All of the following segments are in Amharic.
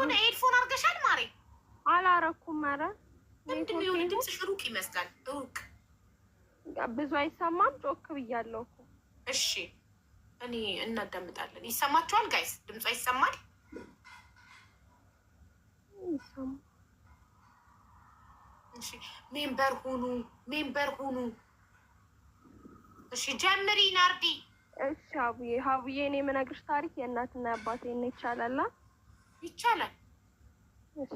የሆነ ኤድፎን አድርገሻል ማሬ? አላረኩም። ኧረ ምንድን ነው ድምፅሽ ሩቅ ይመስላል። ሩቅ ብዙ አይሰማም። ጮክ ብያለሁ እኮ። እሺ እኔ እናዳምጣለን። ይሰማችኋል ጋይስ? ድምጿ ይሰማል? ሜምበር ሁኑ፣ ሜምበር ሁኑ። እሺ ጀምሪ ናርዲ። እሺ ሀቡዬ፣ ሀቡዬ እኔ የምነግርሽ ታሪክ የእናትና አባቴ ነው። ይቻላላ ይቻላል። እሺ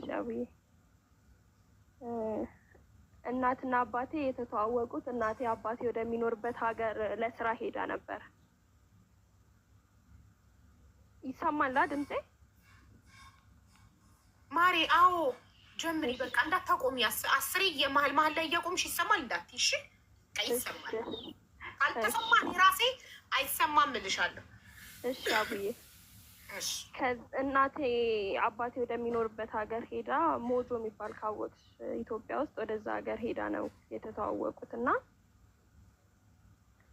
እናትና አባቴ የተተዋወቁት እናቴ አባቴ ወደሚኖርበት ሀገር ለስራ ሄዳ ነበር። ይሰማላ ድምጼ ማሬ? አዎ ጀምሪ። በቃ እንዳታቆሚ፣ አስሬ የመሀል መሀል ላይ እያቆምሽ ይሰማል እንዳትይ። ይሽ ይሰማል። አልተሰማን ራሴ አይሰማም እልሻለሁ። እሺ አቡዬ እናቴ አባቴ ወደሚኖርበት ሀገር ሄዳ ሞጆ የሚባል ካወቅሽ ኢትዮጵያ ውስጥ ወደዛ ሀገር ሄዳ ነው የተተዋወቁት እና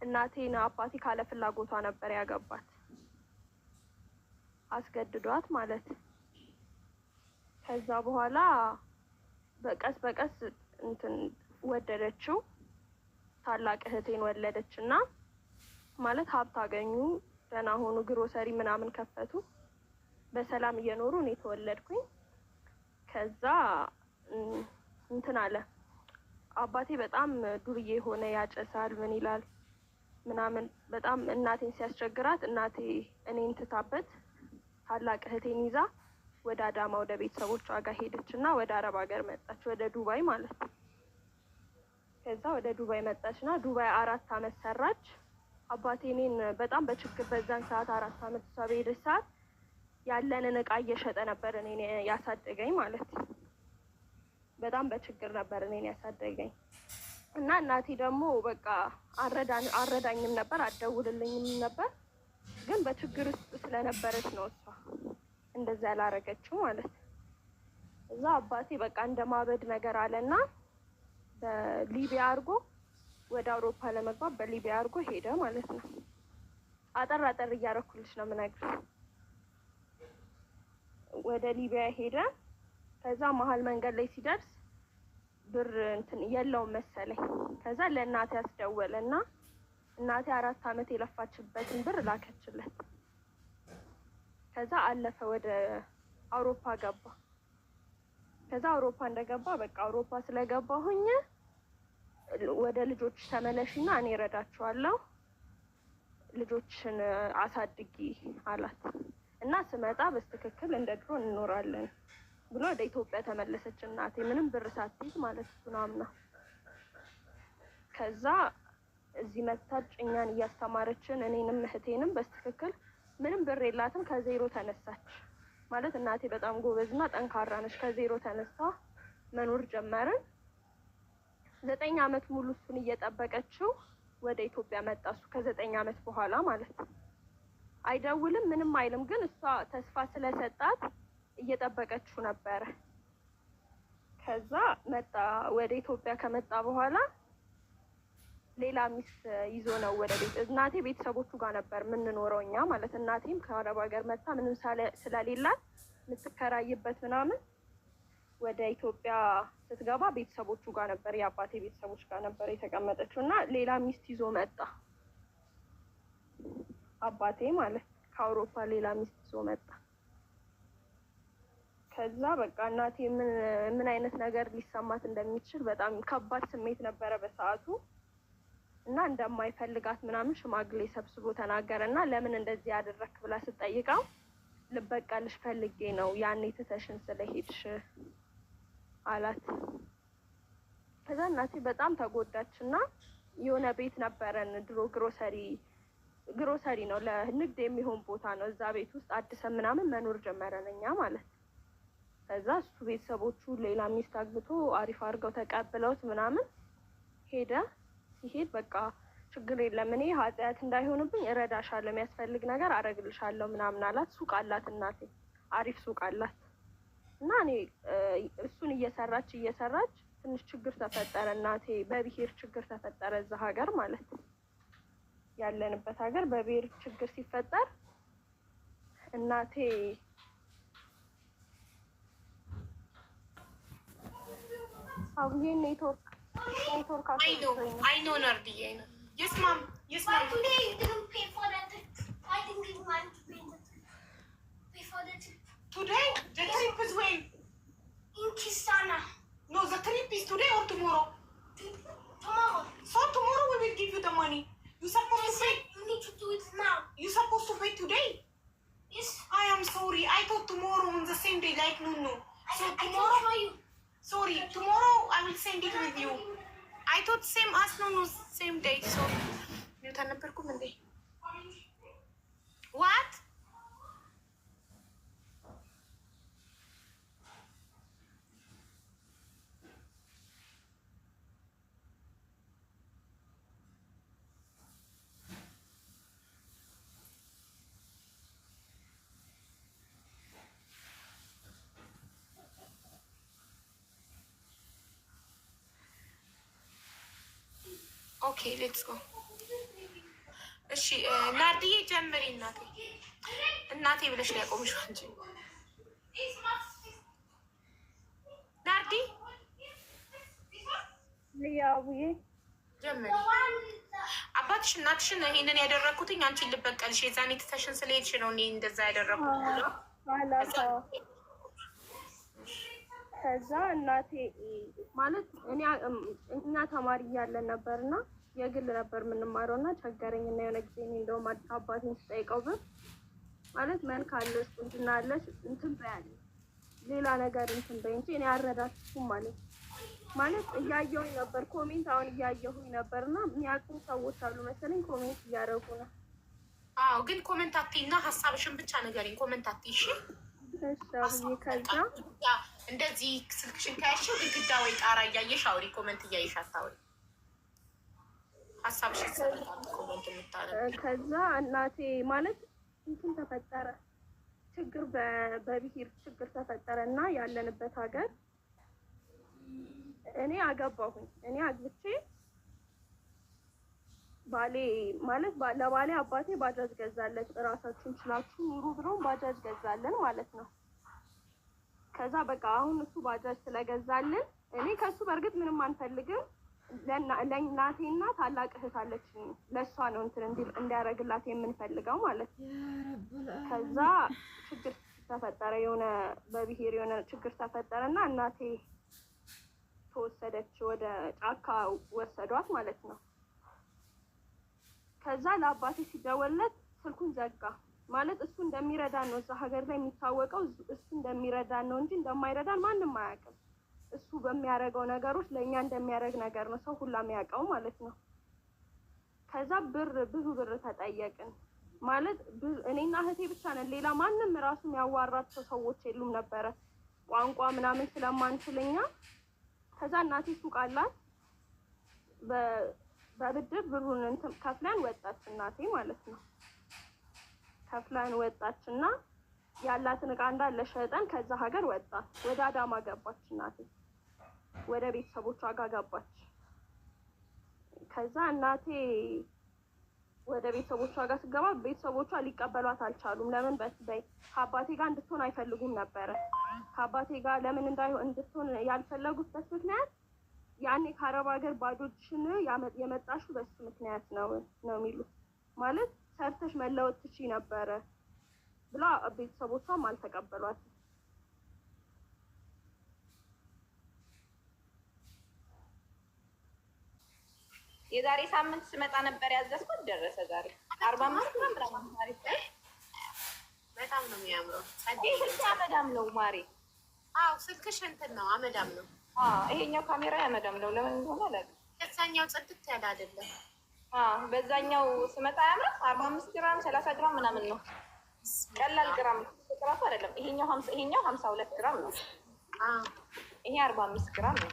እናቴን አባቴ ካለ ፍላጎቷ ነበር ያገባት አስገድዷት ማለት ከዛ በኋላ በቀስ በቀስ እንትን ወደደችው ታላቅ እህቴን ወለደች እና ማለት ሀብት አገኙ ደህና ሆኑ ግሮሰሪ ምናምን ከፈቱ በሰላም እየኖሩ እኔ ተወለድኩኝ። ከዛ እንትን አለ አባቴ በጣም ዱርዬ የሆነ ያጨሳል፣ ምን ይላል ምናምን በጣም እናቴን ሲያስቸግራት እናቴ እኔን ትታበት ታላቅ እህቴን ይዛ ወደ አዳማ ወደ ቤተሰቦቿ ጋር ሄደች እና ወደ አረብ ሀገር መጣች፣ ወደ ዱባይ ማለት ነው። ከዛ ወደ ዱባይ መጣች እና ዱባይ አራት አመት ሰራች። አባቴ እኔን በጣም በችግር በዛን ሰዓት አራት አመት እሷ በሄደች ሰዓት ያለንን እቃ እየሸጠ ነበር እኔ ያሳደገኝ ማለት ነው። በጣም በችግር ነበር እኔን ያሳደገኝ እና እናቴ ደግሞ በቃ አረዳኝም ነበር አደውልልኝም ነበር። ግን በችግር ውስጥ ስለነበረች ነው እሷ እንደዛ ያላረገችው ማለት እዛ አባቴ በቃ እንደ ማበድ ነገር አለና በሊቢያ አድርጎ ወደ አውሮፓ ለመግባት በሊቢያ አድርጎ ሄደ ማለት ነው። አጠር አጠር እያረኩልሽ ነው የምነግርሽ። ወደ ሊቢያ ሄደ። ከዛ መሀል መንገድ ላይ ሲደርስ ብር እንትን የለውም መሰለኝ። ከዛ ለእናቴ ያስደወለ እና እናቴ አራት አመት የለፋችበትን ብር ላከችለት። ከዛ አለፈ፣ ወደ አውሮፓ ገባ። ከዛ አውሮፓ እንደገባ በቃ አውሮፓ ስለገባሁኝ ወደ ልጆች ተመለሽና እኔ እረዳችኋለሁ ልጆችን አሳድጊ አላት። እና ስመጣ በስትክክል እንደ ድሮ እንኖራለን ብሎ ወደ ኢትዮጵያ ተመለሰች እናቴ ምንም ብር ሳትይዝ ማለት እሱን አምና። ከዛ እዚህ መታች እኛን እያስተማረችን እኔንም እህቴንም በስትክክል ምንም ብር የላትም። ከዜሮ ተነሳች ማለት እናቴ በጣም ጎበዝና ጠንካራ ነች። ከዜሮ ተነሳ መኖር ጀመርን። ዘጠኝ አመት ሙሉ እሱን እየጠበቀችው ወደ ኢትዮጵያ መጣ። እሱ ከዘጠኝ አመት በኋላ ማለት ነው። አይደውልም፣ ምንም አይልም። ግን እሷ ተስፋ ስለሰጣት እየጠበቀችው ነበረ። ከዛ መጣ። ወደ ኢትዮጵያ ከመጣ በኋላ ሌላ ሚስት ይዞ ነው ወደ ቤት እናቴ ቤተሰቦቹ ጋር ነበር የምንኖረው እኛ ማለት እናቴም ከአረብ ሀገር መጣ ምንም ስለሌላት የምትከራይበት ምናምን ወደ ኢትዮጵያ ስትገባ ቤተሰቦቹ ጋር ነበር የአባቴ ቤተሰቦች ጋር ነበር የተቀመጠችው እና ሌላ ሚስት ይዞ መጣ። አባቴ ማለት ከአውሮፓ ሌላ ሚስት ይዞ መጣ። ከዛ በቃ እናቴ ምን አይነት ነገር ሊሰማት እንደሚችል በጣም ከባድ ስሜት ነበረ በሰዓቱ እና እንደማይፈልጋት ምናምን ሽማግሌ ሰብስቦ ተናገረ እና ለምን እንደዚህ ያደረክ ብላ ስጠይቀው ልበቀልሽ ፈልጌ ነው ያኔ ትተሽን ስለሄድሽ አላት። ከዛ እናቴ በጣም ተጎዳች እና የሆነ ቤት ነበረን ድሮ ግሮሰሪ ግሮሰሪ ነው፣ ለንግድ የሚሆን ቦታ ነው። እዛ ቤት ውስጥ አድሰን ምናምን መኖር ጀመረን እኛ ማለት ከዛ እሱ ቤተሰቦቹ ሌላ ሚስት አግብቶ አሪፍ አድርገው ተቀብለውት ምናምን ሄደ። ሲሄድ በቃ ችግር የለም እኔ ኃጢአት እንዳይሆንብኝ እረዳሻለሁ፣ የሚያስፈልግ ነገር አረግልሻለሁ ምናምን አላት። ሱቅ አላት እናቴ፣ አሪፍ ሱቅ አላት እና እኔ እሱን እየሰራች እየሰራች ትንሽ ችግር ተፈጠረ እናቴ፣ በብሄር ችግር ተፈጠረ እዛ ሀገር ማለት ነው። ያለንበት ሀገር በብሔር ችግር ሲፈጠር እናቴ አብዬ ኔትወርክ ኔትወርክ Sunday, like Nunu. So tomorrow, sorry, tomorrow I will send it with you. I thought same as Nunu, same day. So you can never come What? ኦኬ ሌትስ ጎ። እሺ ናርዲዬ ጀምሪ። እናቴ እናቴ ብለሽ ነው ያቆምሽው እንጂ ናርዲ ያቡዬ ጀምሪ። አባትሽ እናትሽን ይሄንን ያደረግኩትኝ አንቺን ልበቀልሽ የዛኔ ትተሽን ስለሄድሽ ነው እኔ እንደዛ ያደረግኩት ከዛ እናቴ ማለት እኛ ተማሪ እያለን ነበርና የግል ነበር የምንማረው እና ቸገረኝ እና የሆነ ጊዜ እኔ እንደውም አባቴን ስጠይቀው ብር ማለት መን ካለ ቁንጅና አለሽ እንትን በያለ ሌላ ነገር እንትን በይ እንጂ እኔ አረዳችሁም ማለት ማለት እያየሁኝ ነበር ኮሜንት አሁን እያየሁኝ ነበር እና የሚያውቁ ሰዎች አሉ መሰለኝ ኮሜንት እያደረጉ ነው። አዎ ግን ኮሜንት አትይና ሀሳብሽን ብቻ ንገሪኝ። ኮሜንት አትይ እሺ። እንደዚህ ስልክሽን ከያሽው ግድግዳ ወይ ጣራ እያየሽ አውሪ። ኮሜንት እያየሽ አታውሪ። ከዛ እናቴ ማለት እንትን ተፈጠረ ችግር በብሄር ችግር ተፈጠረ እና ያለንበት ሀገር እኔ አገባሁኝ። እኔ አግብቼ ባሌ ማለት ለባሌ አባቴ ባጃጅ ገዛለት። እራሳችሁን ችላችሁ ኑሩ ብሎን ባጃጅ ገዛለን ማለት ነው። ከዛ በቃ አሁን እሱ ባጃጅ ስለገዛልን እኔ ከእሱ በእርግጥ ምንም አንፈልግም ለእናቴና ታላቅ እህት አለች ለእሷ ነው እንትን እንዲያደርግላት የምንፈልገው ማለት ነው። ከዛ ችግር ተፈጠረ፣ የሆነ በብሄር የሆነ ችግር ተፈጠረ እና እናቴ ተወሰደች፣ ወደ ጫካ ወሰዷት ማለት ነው። ከዛ ለአባቴ ሲደወለት ስልኩን ዘጋ። ማለት እሱ እንደሚረዳን ነው እዛ ሀገር ላይ የሚታወቀው እሱ እንደሚረዳን ነው እንጂ እንደማይረዳን ማንም አያውቅም። እሱ በሚያደርገው ነገሮች ለእኛ እንደሚያደርግ ነገር ነው ሰው ሁላ የሚያውቀው ማለት ነው። ከዛ ብር ብዙ ብር ተጠየቅን ማለት እኔና እህቴ ብቻ ነን። ሌላ ማንም ራሱ የሚያዋራቸው ሰዎች የሉም ነበረ ቋንቋ ምናምን ስለማንችልኛ ከዛ እናቴ ሱቅ አላት በብድር ብሩን እንትን ከፍለን ወጣች እናቴ ማለት ነው። ከፍለን ወጣች እና ያላትን እቃ እንዳለ ሸጠን ከዛ ሀገር ወጣ ወደ አዳማ ገባች እናቴ። ወደ ቤተሰቦቿ ጋር ገባች። ከዛ እናቴ ወደ ቤተሰቦቿ ጋር ስገባ ቤተሰቦቿ ሊቀበሏት አልቻሉም። ለምን በስበይ ከአባቴ ጋር እንድትሆን አይፈልጉም ነበረ። ከአባቴ ጋር ለምን እንድትሆን ያልፈለጉበት ምክንያት ያኔ ከአረብ ሀገር ባዶችን የመጣሹ በሱ ምክንያት ነው ነው የሚሉት ማለት ሰርተሽ መለወጥ ትቺ ነበረ ብላ ቤተሰቦቿም አልተቀበሏትም። የዛሬ ሳምንት ስመጣ ነበር ያዘዝኩት፣ ደረሰ ዛሬ። አርባ አምስት ምናምን ታሪክ በጣም ነው የሚያምረው። ስልክ አመዳም ነው ማሬ። አዎ ስልክሽ እንትን ነው አመዳም ነው። ይሄኛው ካሜራ ያመዳም ነው። ለምን እንደሆነ አላውቅም። በዛኛው ጽድት ያለ አይደለም። በዛኛው ስመጣ ያምራል። አርባ አምስት ግራም ሰላሳ ግራም ምናምን ነው። ቀላል ግራም ራሱ አይደለም። ይሄኛው ሀምሳ ሁለት ግራም ነው። ይሄ አርባ አምስት ግራም ነው።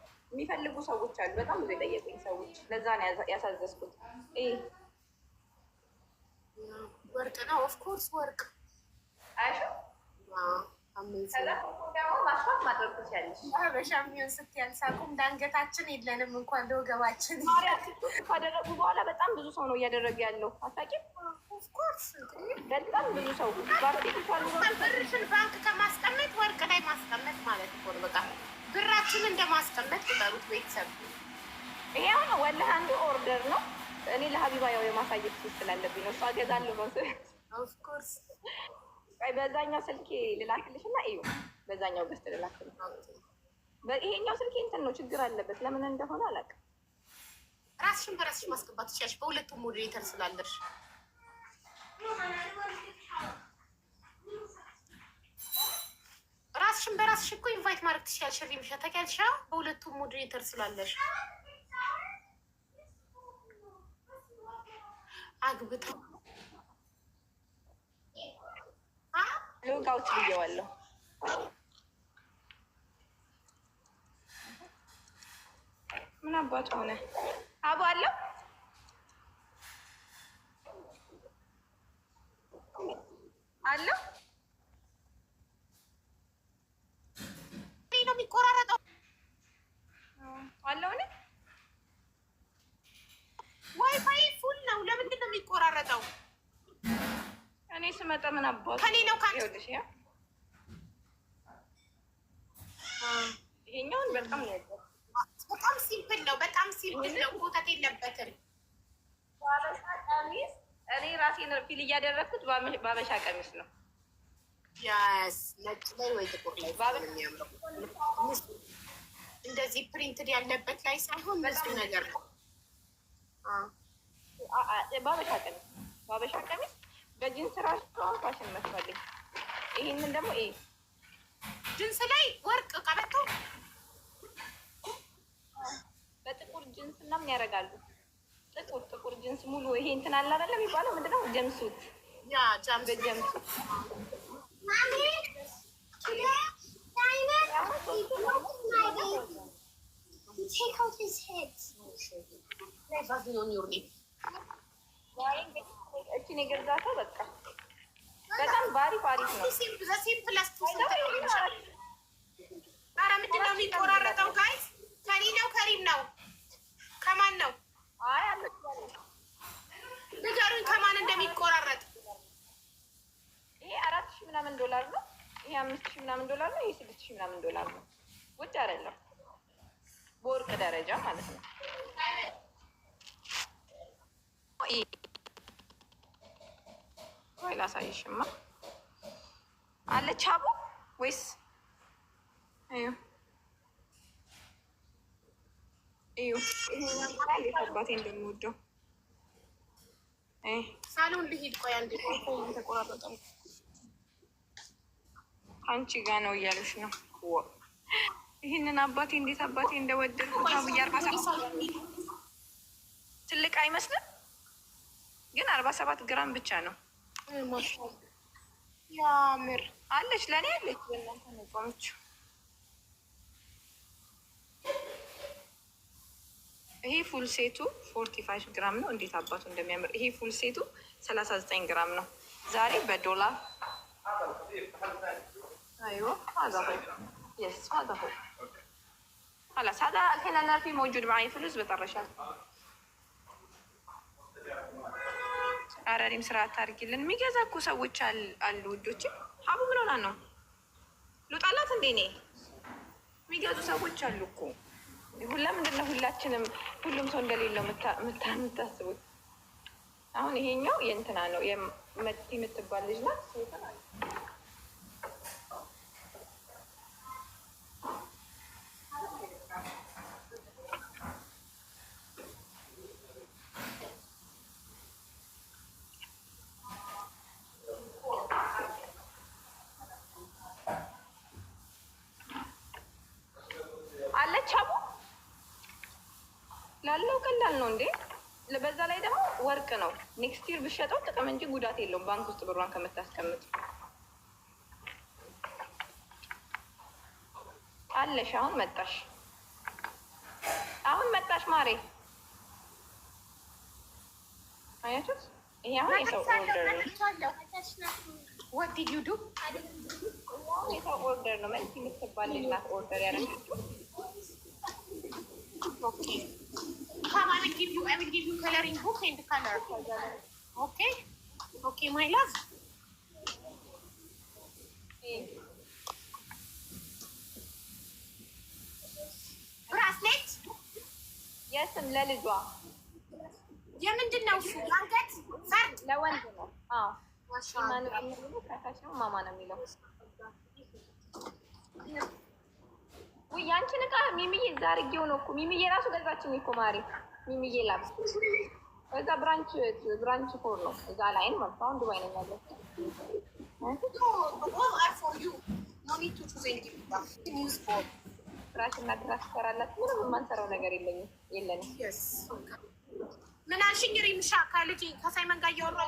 የሚፈልጉ ሰዎች አሉ። በጣም ብዙ የጠየቁኝ ሰዎች፣ ለዛ ነው ያሳዘዝኩት። ወርቅ ነው ኦፍኮርስ ወርቅ አይሽ በሻሚሆን ስትያልሳቁም ዳንገታችን የለንም እንኳን ለወገባችን ካደረጉ በኋላ በጣም ብዙ ሰው ነው እያደረገ ያለው። አታውቂም? በጣም ብዙ ሰው ብርሽን ባንክ ከማስቀመጥ ወርቅ ላይ ማስቀመጥ ማለት ነው በቃ ብራችን እንደማስቀመጥ ቁጠሩት። ቤተሰብ ይሄው ነው ወለ አንዱ ኦርደር ነው። እኔ ለሀቢባ ያው የማሳየት ስ ስላለብኝ ነው። እሷ ገዛለሁ ነው ኦፍኮርስ። በዛኛው ስልኬ ልላክልሽ እና እዩ፣ በዛኛው ገዝት ልላክልሽ። ይሄኛው ስልኬ እንትን ነው ችግር አለበት፣ ለምን እንደሆነ አላውቅም። ራስሽን በራስሽ ማስገባት ትችያለሽ፣ በሁለቱም ሞዴሬተር ስላለሽ ራስሽን በራስሽ እኮ ኢንቫይት ማድረግ ትችያለሽ። ሪምሻ ታውቂያለሽ፣ በሁለቱም ሞዴሬተር ስላለሽ አግብታ ሎጋውት ብየዋለሁ። ምን አባት ሆነ አቡ አለው አለው አለውን ዋይፋይ ፉል ነው። ለምንድን ነው የሚቆራረጠው? እኔ ስመጣ ምን አባቱ ከኔ ነው ካለሽ ይሄኛውን በጣም ነው በጣም ሲምፕል ነው። በጣም ሲምፕል ነው። ኮተት የለበትም። በአበሻ ቀሚስ እኔ ራሴን ፊል እያደረግኩት በአበሻ ቀሚስ ነው። ያስ ነጭ ላይ ወይ ጥቁር ላይ እንደዚህ ፕሪንትድ ያለበት ላይ ሳይሆን ብዙ ነገር ነው። ባበሻ ቀሚስ ባበሻ ቀሚስ በጂንስ ራሱ ፋሽን መስፋልኝ። ይህንን ደግሞ ይ ጅንስ ላይ ወርቅ ቀበቶ በጥቁር ጅንስ ምናምን ያደርጋሉ። ጥቁር ጥቁር ጅንስ ሙሉ ይሄ እንትን አለ አይደለ የሚባለው ምንድን ነው? ጀምሱት ያ ጀምሱት You take out his head. ባሪፍ አሪፍ ነው። ኧረ ምንድን ነው የሚቆራረጠው? እንደሚቆራረጥ። ይሄ አራት ሺህ ምናምን ዶላር ነው። ይሄ አምስት ሺህ ምናምን ዶላር ነው። ይሄ ስድስት ሺህ ምናምን ዶላር ነው። ውጭ አይደለም፣ በወርቅ ደረጃ ማለት ነው። ቆይ ላሳይሽማ። አለች አቡ ወይስ ይባቴ እንደምወደው ሳሎን ልሂድ። ቆይ አንድ ተቆራረጠ። አንቺ ጋ ነው እያሉሽ ነው ይህንን አባቴ እንዴት አባቴ እንደወደድኩት ነው ብዬ አርባ ሰባት ትልቅ አይመስልም፣ ግን አርባ ሰባት ግራም ብቻ ነው። ያምር አለች፣ ለእኔ አለች። በእናንተ ነው የቆመችው። ይሄ ፉል ሴቱ ፎርቲ ፋይቭ ግራም ነው። እንዴት አባቱ እንደሚያምር! ይሄ ፉል ሴቱ ሰላሳ ዘጠኝ ግራም ነው። ዛሬ በዶላር አይዋ خلاص هذا الحين انا في موجود معي فلوس بطرشها ኧረ እኔም ስራ አታርጊልን። የሚገዛ እኮ ሰዎች አሉ ውዶች። ሀቡ ምን ሆና ነው ልውጣላት እንዴ? እኔ የሚገዙ ሰዎች አሉ እኮ ሁላ ምንድን ነው ሁላችንም ሁሉም ሰው እንደሌለው የምታስቡት። አሁን ይሄኛው የእንትና ነው የመቲ የምትባል ልጅ ናት። ኖርማል ነው እንዴ? በዛ ላይ ደግሞ ወርቅ ነው። ኔክስት ይር ብሸጠው ጥቅም እንጂ ጉዳት የለውም። ባንክ ውስጥ ብሯን ከምታስቀምጥ አለሽ። አሁን መጣሽ፣ አሁን መጣሽ ማሬ። አያችሁት? ይሄ አሁን የሰው ኦርደር ነው። የሰው ኦርደር ነው። መልስ የምትባል ናት ኦርደር ያደረገችው come, I will give you, I will give you coloring book and color. Okay? Okay, my love. ብራስሌት የስም ለልጇ የምንድን ነው እሱ? አንገት ፈርድ ለወንድ ነው። ማማ ነው የሚለው። ውይ ያንቺን ዕቃ ሚሚዬ እዛ አድርጌው ነው እኮ ሚሚዬ ራሱ ገዛችኝ እኮ ማሪ ሚሚዬ ላብስ እዛ ብራንች ብራንች ፎር ነው እዛ ላይን ማለት ነው። ዱባይ ነው ያለው። ፍራሽ እና ትራስ ትሰራላችሁ። ምንም የማንሰራው ነገር የለኝም የለንም። ምን አልሽኝ? ሪምሻ ከልጅ ከሳይመን ጋር እያወራሁ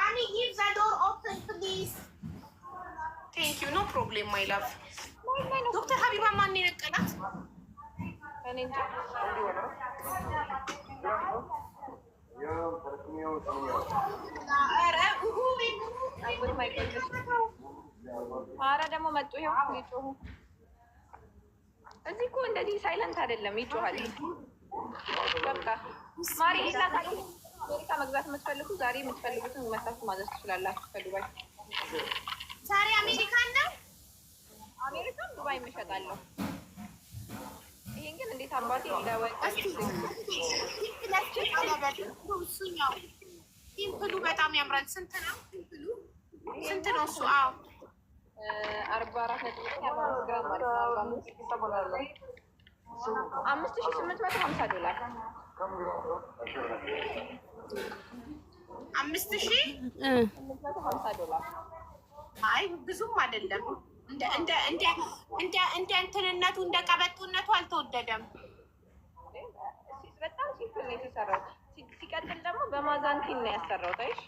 ማሚ ጊቭ ዘ ዶር ኦፕን ፕሊዝ ቴንክ ዩ ኖ ፕሮብሌም ማይ ላቭ ዶክተር ሀቢባ ማን የነቀላት? ኧረ ደግሞ መጡ። ይኸው ይጮሁ። እዚህ እኮ እንደዚህ ሳይለንት አይደለም፣ ይጮሃል። በቃ ማሪ ላ አሜሪካ መግዛት የምትፈልጉ ዛሬ የምትፈልጉትን መሳት ማዘዝ ትችላላችሁ። ፈልጓል ዛሬ አሜሪካ ነው አሜሪካም ዱባይ መሸጣለሁ። ይሄን ግን እንዴት አባቴ ሲምፕሉ በጣም ያምራል። ስንት ነው ስንት ነው እሱ? አዎ አርባ አራት አምስት ሺህ ስምንት መቶ ሀምሳ ዶላር አምስት ሺህ ስምንት መቶ ሀምሳ ዶላር። አይ ብዙም አይደለም። እንደ እንትንነቱ እንደ ቀበጡነቱ አልተወደደም። በጣም ሲምፕል ነው የተሰራው። ሲቀጥል ደግሞ በማዛንቲን ነው ያሰራው። ታይሽ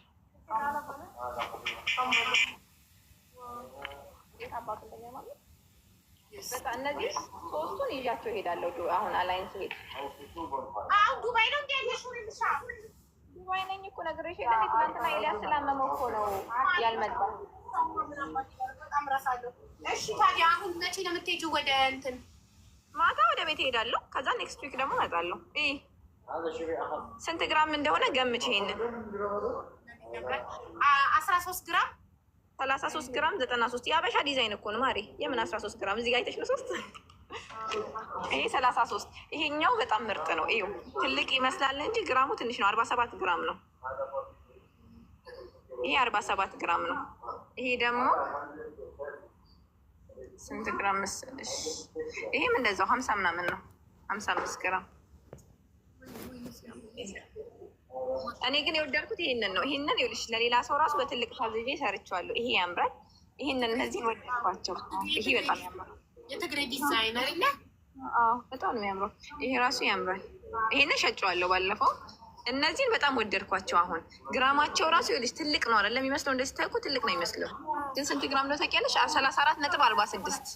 እነዚህ ሶስቱን ይዣቸው እሄዳለሁ። አሁን አላይንስ ሄድ ዱባይ ነው ዱባይ ነኝ እኮ ነግሬሽ የለ ትናንትና ኤልያስ ስላመመው እኮ ነው ያልመጣው። እሺ ታዲያ አሁን መቼ ነው የምትሄጂው? ወደ እንትን ማታ ወደ ቤት እሄዳለሁ። ከዛ ኔክስት ዊክ ደግሞ እመጣለሁ። ስንት ግራም እንደሆነ ገምች። ይሄንን አስራ ሶስት ግራም ሰላሳ ሶስት ግራም ዘጠና ሶስት የአበሻ ዲዛይን እኮ ነው ማሪ። የምን አስራ ሶስት ግራም እዚህ ጋ አይተሽ ነው ሶስት ይሄ ሰላሳ ሶስት ይሄኛው በጣም ምርጥ ነው። እዩ ትልቅ ይመስላል እንጂ ግራሙ ትንሽ ነው። አርባ ሰባት ግራም ነው። ይሄ አርባ ሰባት ግራም ነው። ይሄ ደግሞ ስንት ግራም መሰለሽ? ይሄም እንደዛው ሀምሳ ምናምን ነው፣ ሀምሳ አምስት ግራም። እኔ ግን የወደድኩት ይሄንን ነው። ይሄንን ይኸውልሽ ለሌላ ሰው ራሱ በትልቅ ታዝዤ ሰርቼዋለሁ። ይሄ ያምራል። ይሄንን እነዚህን ወደድኳቸው። ይሄ በጣም ያምራል። የትግራይ ዲዛይነር በጣም ነው ያምረው። ይሄ ራሱ ያምራል። ይሄንን ሸጬዋለሁ ባለፈው። እነዚህን በጣም ወደድኳቸው። አሁን ግራማቸው ራሱ ይኸውልሽ ትልቅ ነው አይደለም? የሚመስለው እንደዚህ ታይኮ ትልቅ ነው የሚመስለው። ግን ስንት ግራም ነው ታውቂያለሽ? ሰላሳ አራት ነጥብ አርባ ስድስት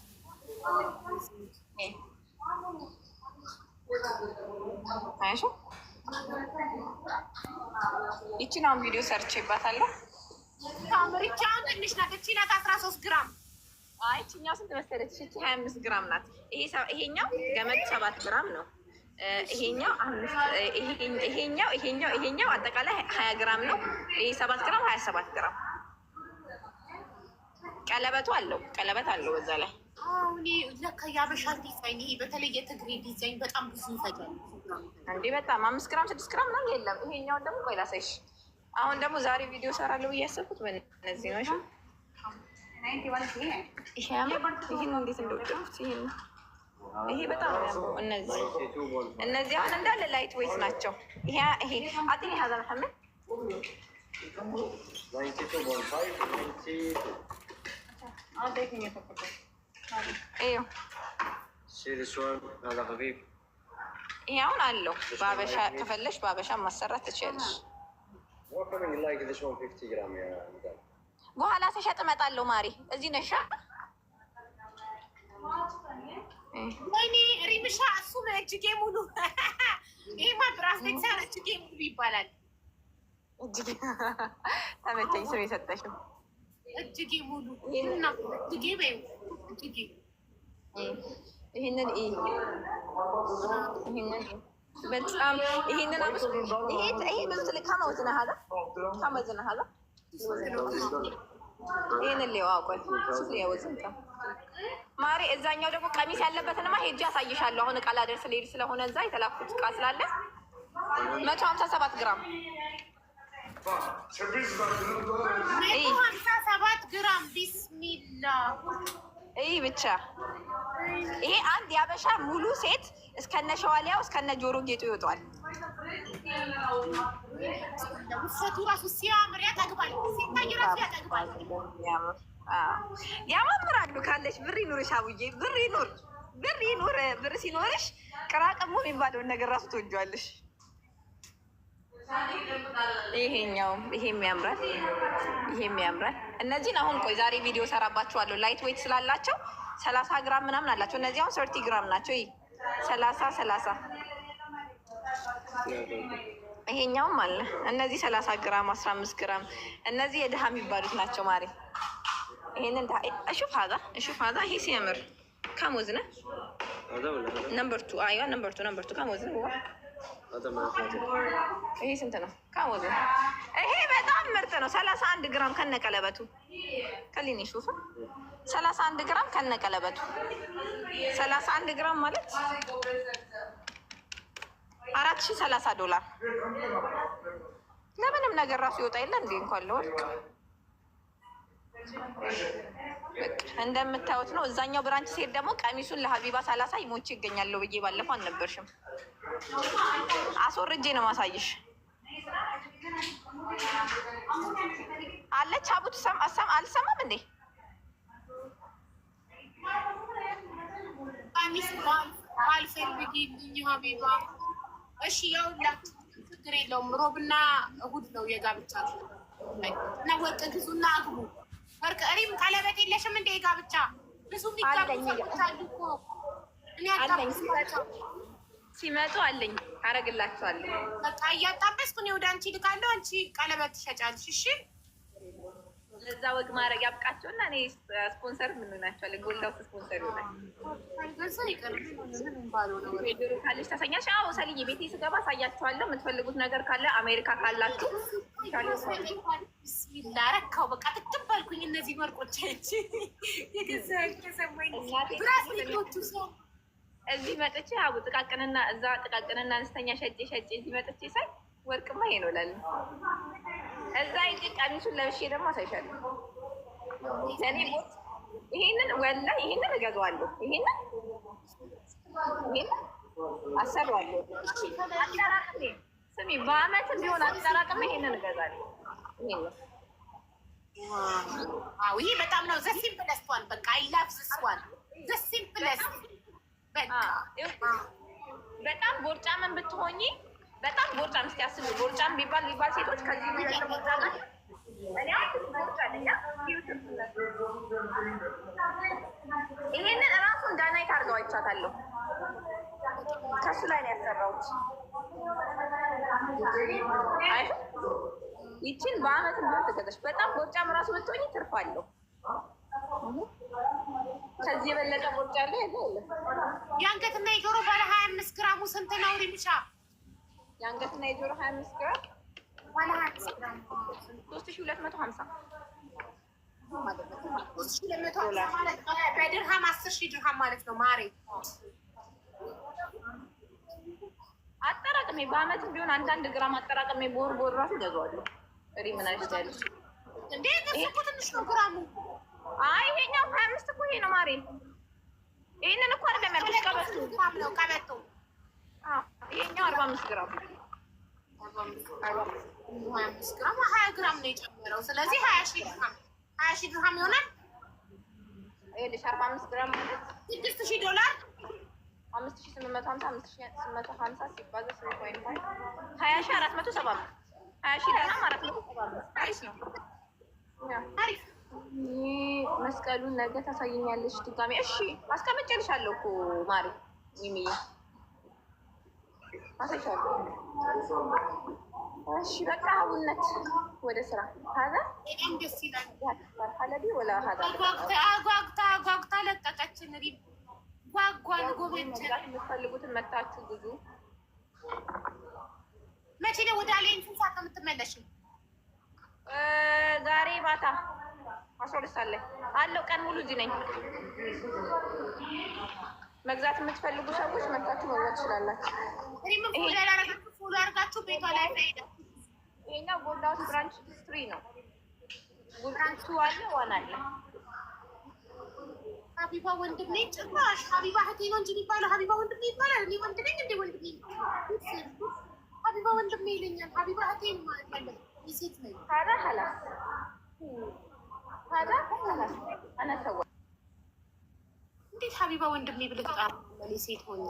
አያሽ ይቺን አሁን ቪዲዮ ሰርቼ ይባታለሁ። ምርቻ ትንሽ ናት። እቺ ናት አስራ ሶስት ግራም አይ ይችኛው ስንት መሰለች? እቺ ሀያ አምስት ግራም ናት። ይሄኛው ገመድ ሰባት ግራም ነው። ይሄኛው ይሄኛው ይሄኛው ይሄኛው አጠቃላይ ሀያ ግራም ነው። ይሄ ሰባት ግራም ሀያ ሰባት ግራም ቀለበቱ አለው ቀለበት አለው በዛ ላይ እኔ ለካ የአበሻ ዲዛይን ይሄ በተለይ የትግሬ ዲዛይን በጣም ብዙ ይፈጃል እንዴ! በጣም አምስት ግራም ስድስት ግራም ምናምን የለም። ይሄኛውን ደግሞ ቆይ ላሳይሽ። አሁን ደግሞ ዛሬ ቪዲዮ ሰራለሁ እያሰብኩት በነዚህ ነው። ይሄ ነው እንዴት እንደወደድኩት ይሄ ነው። ይሄ በጣም ነው። እነዚህ እነዚህ አሁን እንዳለ ላይት ዌይት ናቸው። ይሄ ይሄ ሀዘር ሀዛ መሐመድ ይኸውን አለው። በአበሻ ከፈለሽ በአበሻ ማሰራት ትችላለሽ። በኋላ ተሸጥ እመጣለሁ። ማሪ እዚህ ነሻ? ወይኔ ሪምሻ፣ እሱ እጅጌ ሙሉ ይሄማ ብራስሌት እጅጌ ሙሉ ይባላል። ተመቸኝ ስም የሰጠሽው እጅጌ ሙሉ እና እጅጌ በይው እጅጌ ይሄንን ይሄንን በጣም ይሄ ይሄ ብዙ ትልቅ ሱፍ ማሪ እዛኛው ደግሞ ቀሚስ ያለበትንማ አሳይሻለሁ። አሁን እቃ ላደርስ ልሄድ ስለሆነ እዛ የተላኩት እቃ ስላለ መቶ ሀምሳ ሰባት ግራም ሰባት ግራም ቢስሚላ ይህ ብቻ ይሄ አንድ ያበሻ ሙሉ ሴት እስከነ ሸዋሊያው እስከነ ጆሮ ጌጡ ይወጧል። ውሰቱ ራሱ ሲያምር ያጠግባል፣ ያማምራሉ። ካለሽ ብር ይኑርሽ አቡዬ፣ ብር ይኑር፣ ብር ይኑር። ብር ሲኖርሽ ቅራቅሞ የሚባለውን ነገር ራሱ ትወጇዋለሽ። ይሄኛው ይሄም ያምራል፣ ይሄም ያምራል። እነዚህን አሁን ቆይ ዛሬ ቪዲዮ ሰራባችኋለሁ። ላይት ዌይት ስላላቸው ሰላሳ ግራም ምናምን አላቸው። እነዚህ አሁን ሰርቲ ግራም ናቸው። ይሄ ሰላሳ ሰላሳ ይሄኛውም አለ። እነዚህ ሰላሳ ግራም አስራ አምስት ግራም እነዚህ የድሃ የሚባሉት ናቸው። ማሪ ይሄንን እሹፍ ሀዛ እሹፍ ሀዛ ይሄ ሲያምር ከሞዝነ ነምበርቱ አያ ነምበርቱ ነምበርቱ ከሞዝነ ይሄ ስንት ነው? ይሄ በጣም ምርጥ ነው። ሰላሳ አንድ ግራም ከነቀለበቱ ከሊኒ ሹፍ ሰላሳ አንድ ግራም ሰላሳ አንድ ግራም ማለት አራት ሺ ሰላሳ ዶላር ለምንም ነገር ራሱ ይወጣ የለ እንዴ እንኳን ለወርቅ እንደምታዩት ነው። እዛኛው ብራንች ሴት ደግሞ ቀሚሱን ለሀቢባ ሰላሳ ይሞች ይገኛለሁ ብዬ ባለፈው አልነበርሽም አስወርጄ ነው ማሳይሽ። አለች አቡ አልሰማም እንዴ? እሺ ያው ችግር የለውም። ሮብና እሁድ ነው የጋብቻ እና ወጥ ግዙና አግቡ። ወርቅ እሪም ቀለበት የለሽም እንደ የጋብቻ ብዙ ሰዎች አሉ እኮ እኔ ሲመጡ አለኝ አረግላቸዋለሁ። በቃ እያጣበስኩ እኔ ወደ አንቺ ልካለሁ። አንቺ ቀለበት ትሸጫለሽ። እሺ እዛ ወግ ማድረግ ያብቃቸውና እኔ ስፖንሰር የምንሆናቸዋለን። ጎልዳውት ስፖንሰር ይሆናል። ዶሮ ካለች ታሳኛሽ። አዎ ሰልዬ ቤቴ ስገባ አሳያቸዋለሁ። የምትፈልጉት ነገር ካለ አሜሪካ ካላችሁ ላረካው በቃ ትክብ አልኩኝ። እነዚህ መርቆቻች አንቺ የገዛ ሰማኝ ብራስሌቶቹ ሰው እዚህ መጥቼ አቡ ጥቃቅንና እዛ ጥቃቅንና አነስተኛ ሸጬ ሸጬ እዚህ መጥቼ ሳይ ወርቅማ ይሄ ነው እላለሁ። እዛ ይዤ ቀሚሱን ለብሼ ደግሞ አሳይሻለሁ። ለእኔ ቦት ይሄንን ወላ ይሄንን እገዛዋለሁ። ይሄንን ይሄንን አሰራዋለሁ። አጠራቅሜ ስሚ፣ በአመት ቢሆን አጠራቅሜ ይሄንን እገዛለሁ። ይሄንን ይሄ በጣም ነው ዘ ሲምፕለስት ዋን በቃ አይ ላቭ ዘስ ዋን ዘ ሲምፕለስት በቃ በጣም ቦርጫምን ብትሆኚ በጣም ቦርጫም እስኪ አስብ። ቦርጫም ቢባል ቢባል ሴቶች ከዚህ ይሄንን እራሱ እንዳናይት አድርገው አይቻታለሁ። ከሱ ላይ ነው ያሰራሁት። ይችን በአመት ቢሆን ተገጠች። በጣም ቦርጫም እራሱ ብትሆኝ ትርፋለሁ። ከዚህ የበለጠ ቦርጫ ያለ የአንገትና የጆሮ ባለ ሀያ አምስት ግራሙ ስንት ነው? ሪምሻ የአንገትና የጆሮ ሀያ አምስት ግራም ባለ ሀያ አምስት ግራም ሶስት ሺ ሁለት መቶ ሀምሳ ማለት በድርሃም አስር ሺ ድርሃም ማለት ነው ማሬ አጠራቅሜ በአመትም ቢሆን አንዳንድ ግራም አጠራቅሜ ቦር ቦር ራሱ ገዛዋለሁ። ሪ ምን አይችላል እንዴ? ትንሽ ነው ግራሙ። አይ ይሄኛው ሀያ አምስት እኮ ይሄ ነው ማሬ ይህንን እኮ አይደለም ያልኩሽ። ቀበቶ ይኸኛው አርባ አምስት ግራም ሀያ ግራም ነው የጨመረው። ስለዚህ ሀያ ሺህ ድርሃም ሀያ ሺህ ድርሃም ይሆናል። ይኸውልሽ አርባ አምስት ግራም ስድስት ሺህ ዶላር አምስት ሺህ ስምንት መቶ ሀምሳ አምስት ሺህ ስምንት መቶ ሀምሳ ሲባዛ ሀያ ሺህ አራት መቶ ሰባ አምስት ሀያ ሺህ ድርሃም አራት መቶ ሰባ አምስት ነው። አሪፍ መስቀሉን ነገ ታሳይኛለሽ ድጋሚ። እሺ አስቀምጬልሻለሁ እኮ ማሪ ሚሚዬ አሳይሻለሁ። እሺ በቃ አቡነት ወደ ስራ ሀዛ ደስ ይላል። ለቀቀችን ጓጓን ጎበች የምትፈልጉትን መታችሁ ብዙ መቼ ነው ወደ አሌንቱን ሳቅ የምትመለሽ? ዛሬ ማታ አስራ ሁለት ሰዓት ላይ አለው። ቀን ሙሉ እዚህ ነኝ። መግዛት የምትፈልጉ ሰዎች መታችሁ መግዛት ትችላላችሁ። ፎሎ አድርጋችሁ ቤቷ ላይ ይሄኛው ጎልድ ብራንች ትሪ ነው። ጉልቱ አለ ዋና አለ። ሀቢባ ወንድሜ ጭራሽ ሀቢባ እህቴ ነው እንጂ የሚባለው ሀቢባ ወንድሜ ይባላል። እኔ ወንድ ነኝ እንዴ? ወንድሜ ሀቢባ ወንድሜ ይለኛል። ሀቢባ እህቴ ነው ማለት ያለ ሴት ነኝ ታዲያ ሀላ እንዴት ሀቢባ ወንድሜ ብለህ ሴት ሆኜ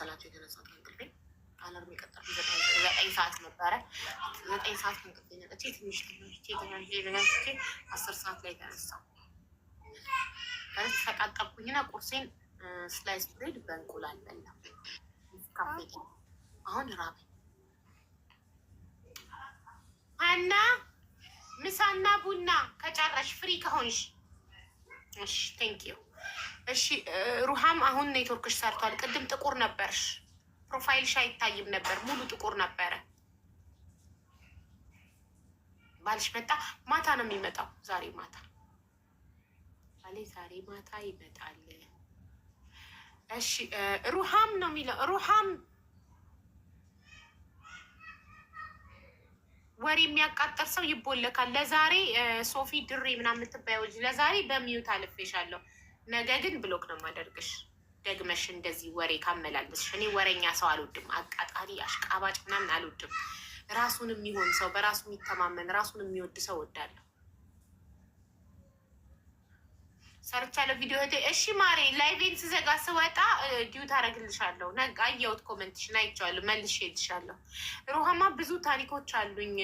ሰዓት ላይ ተነሳሁ። ከዚ ተቃቀብኩኝና ቁርሴን ስላይስ ብሬድ በእንቁላል በላ። አሁን ራበኝ። ሀና ምሳና ቡና ከጨረሽ ፍሪ ከሆንሽ እሺ፣ ቴንክ ዩ። እሺ ሩሃም፣ አሁን ኔትወርክሽ ሰርቷል። ቅድም ጥቁር ነበርሽ፣ ፕሮፋይልሽ አይታይም ነበር፣ ሙሉ ጥቁር ነበረ። ባልሽ መጣ? ማታ ነው የሚመጣው ዛሬ ማታ ለምሳሌ ዛሬ ማታ ይመጣል። እሺ ሩሃም ነው የሚለው። ሩሃም ወሬ የሚያቃጠር ሰው ይቦለካል። ለዛሬ ሶፊ ድሬ ምናምን የምትባየው ልጅ ለዛሬ በሚዩት አልፌሻለሁ፣ ነገ ግን ብሎክ ነው የማደርግሽ። ደግመሽ እንደዚህ ወሬ ካመላለስሽ። እኔ ወረኛ ሰው አልወድም፣ አቃጣሪ አሽቃባጭ ምናምን አልወድም። ራሱን የሚሆን ሰው በራሱ የሚተማመን ራሱን የሚወድ ሰው ወዳለሁ። ሰርቻለሁ ቪዲዮ እህቴ። እሺ ማሬ፣ ላይቬን ስዘጋ ስወጣ ዲዩ ታደርግልሻለሁ። ነቃ አየሁት ኮመንትሽን አይቼዋለሁ፣ መልሼ እልሻለሁ። ሩሃማ ብዙ ታሪኮች አሉኝ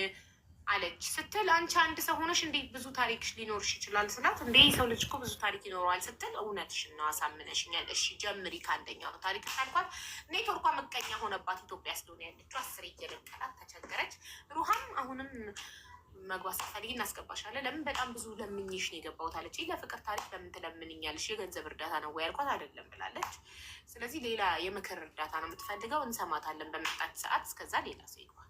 አለች ስትል አንቺ አንድ ሰው ሆነሽ እንዴት ብዙ ታሪክ ሊኖርሽ ይችላል ስላት፣ እንዴ ሰው ልጅ እኮ ብዙ ታሪክ ይኖረዋል ስትል እውነትሽን ነው አሳምነሽኛል። እሺ ጀምሪ ከአንደኛው ነው ታሪክ ታልኳት። ኔትወርኳ ምቀኛ ሆነባት። ኢትዮጵያ ስለሆነ ያለችው አስር እየለቀላት ተቸገረች። ሩሃም አሁንም መግባት ስትፈልጊ እናስገባሻለን። ለምን በጣም ብዙ ለምኝሽ ነው የገባሁት አለች። ለፍቅር ታሪክ ለምን ትለምንኛለሽ? የገንዘብ እርዳታ ነው ወይ ያልኳት፣ አይደለም ብላለች። ስለዚህ ሌላ የምክር እርዳታ ነው የምትፈልገው፣ እንሰማታለን በመጣች ሰዓት። እስከዛ ሌላ ሰው ይግባል።